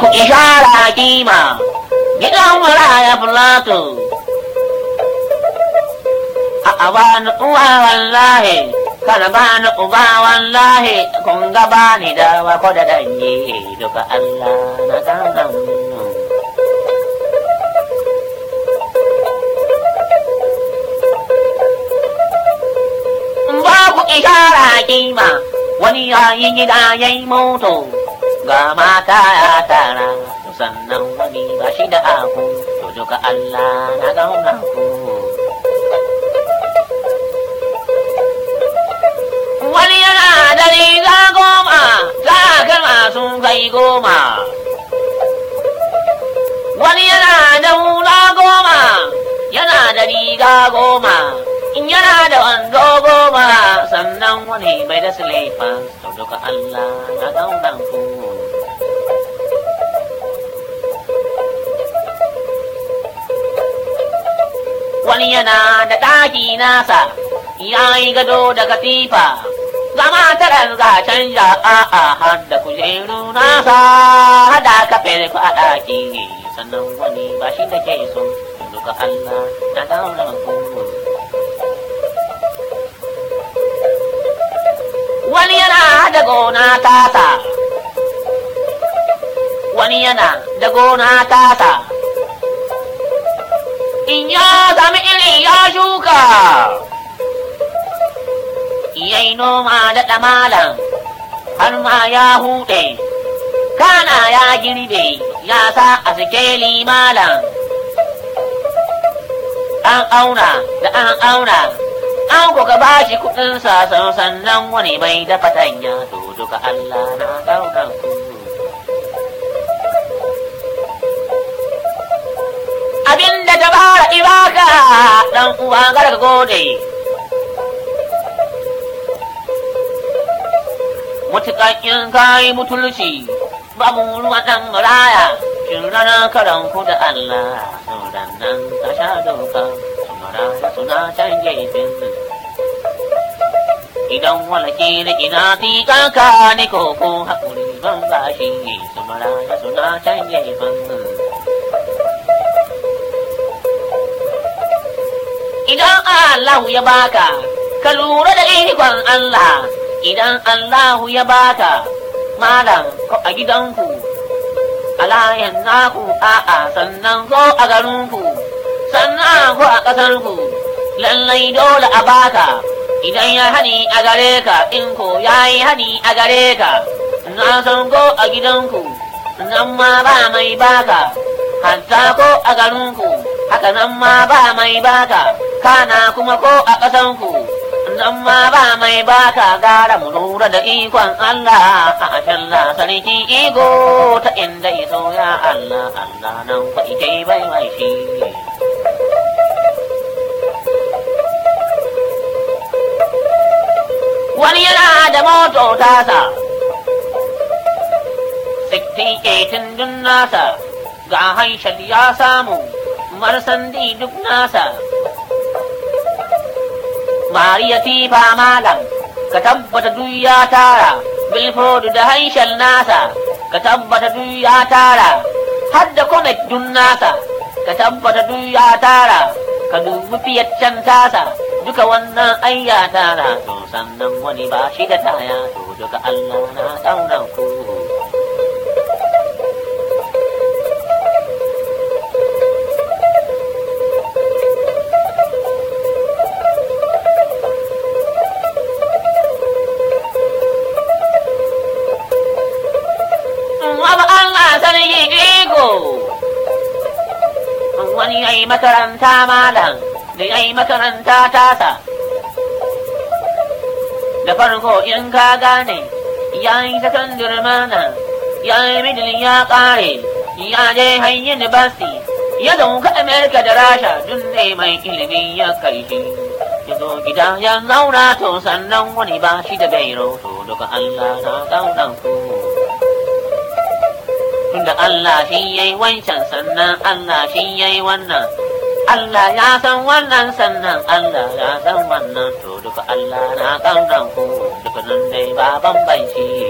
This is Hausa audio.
ku ishara hakima gidan mura ya fulato a abani uwa wallahi kada bani uba wallahi kun ga bani da wako da Allah na kanan ishara hakima wani yayi gida yayi moto ga mata ya tara sannan wani ba shi da aku to duka Allah na gauna ku wani yana da riga goma za a gama sun kai goma wani yana da hula goma yana da riga goma in yana da wando goma sannan wani bai da silifan to duka Allah na gauna ku wani yana da ɗaki nasa ya yi gado da katifa zama taran za canja a har da kujeru nasa hada ka fere ku a ɗaki ne sannan wani ba shi da ke so duka Allah na daura kuma wani yana da gona tasa. wani yana da gona tasa. in ya sami irin ya shuka yayi noma da malam. har ya hude kana ya girbe ya sa a sikeli malam an auna da an auna an kuka bashi kuɗin kudin sasan sannan wani bai da fatanya to duka Allah na daukan abinda ta fara ibaka dan uwa ka gode mutuƙaƙin kai mutulci ba mu ruwa dan maraya kin rana karan ku da Allah dan nan ta sha doka mara suna can din idan wala ke da ina ti kanka ne ko ko haƙuri ban bashi su maraya suna can gefen idan Allah ya baka ka lura da ikon Allah idan Allah ya baka malam ko a gidanku alayan naku a'a sannan zo a garinku sannan ko a ƙasarku lallai dole a baka idan ya hani a gare ka in ko ya yi hani a gare ka na san ko a gidanku nan ma ba mai baka hatta ko a garinku haka nan ma ba mai baka kana kuma ko a ƙasanku ma ba mai baka gara mu lura da ikon Allah a afin sarki ego ta inda iso ya Allah Allah nan fa ike bai mai shi wani yana da moto tasa 68 dun nasa ga haishar ya samu marsandi duk nasa mariya fa malam ka tabbata duniya tara bilfodu da haishal nasa ka tabbata duniya tara Hadda da komet dun nasa ka tabbata duniya tara ka dubi fiyaccen tasa duka wannan ayyata na, tara to sannan wani ba shi da taya to ai makaranta malam da ai makaranta tasa da farko in ka gane ya yi ta durmana ya yi midilin ya ƙare ya je hanyar basi ya dauka amerika da rasha dun ne mai ilimin ya kai ya zo gida ya zauna to sannan wani ba shi da bai roto daga allah na ɗauɗan ku tunda Allah shi yayi wancan sannan Allah shi yayi wannan Allah ya san wannan sannan Allah ya san wannan to duka Allah na kan ranku duka nan dai ba bambanci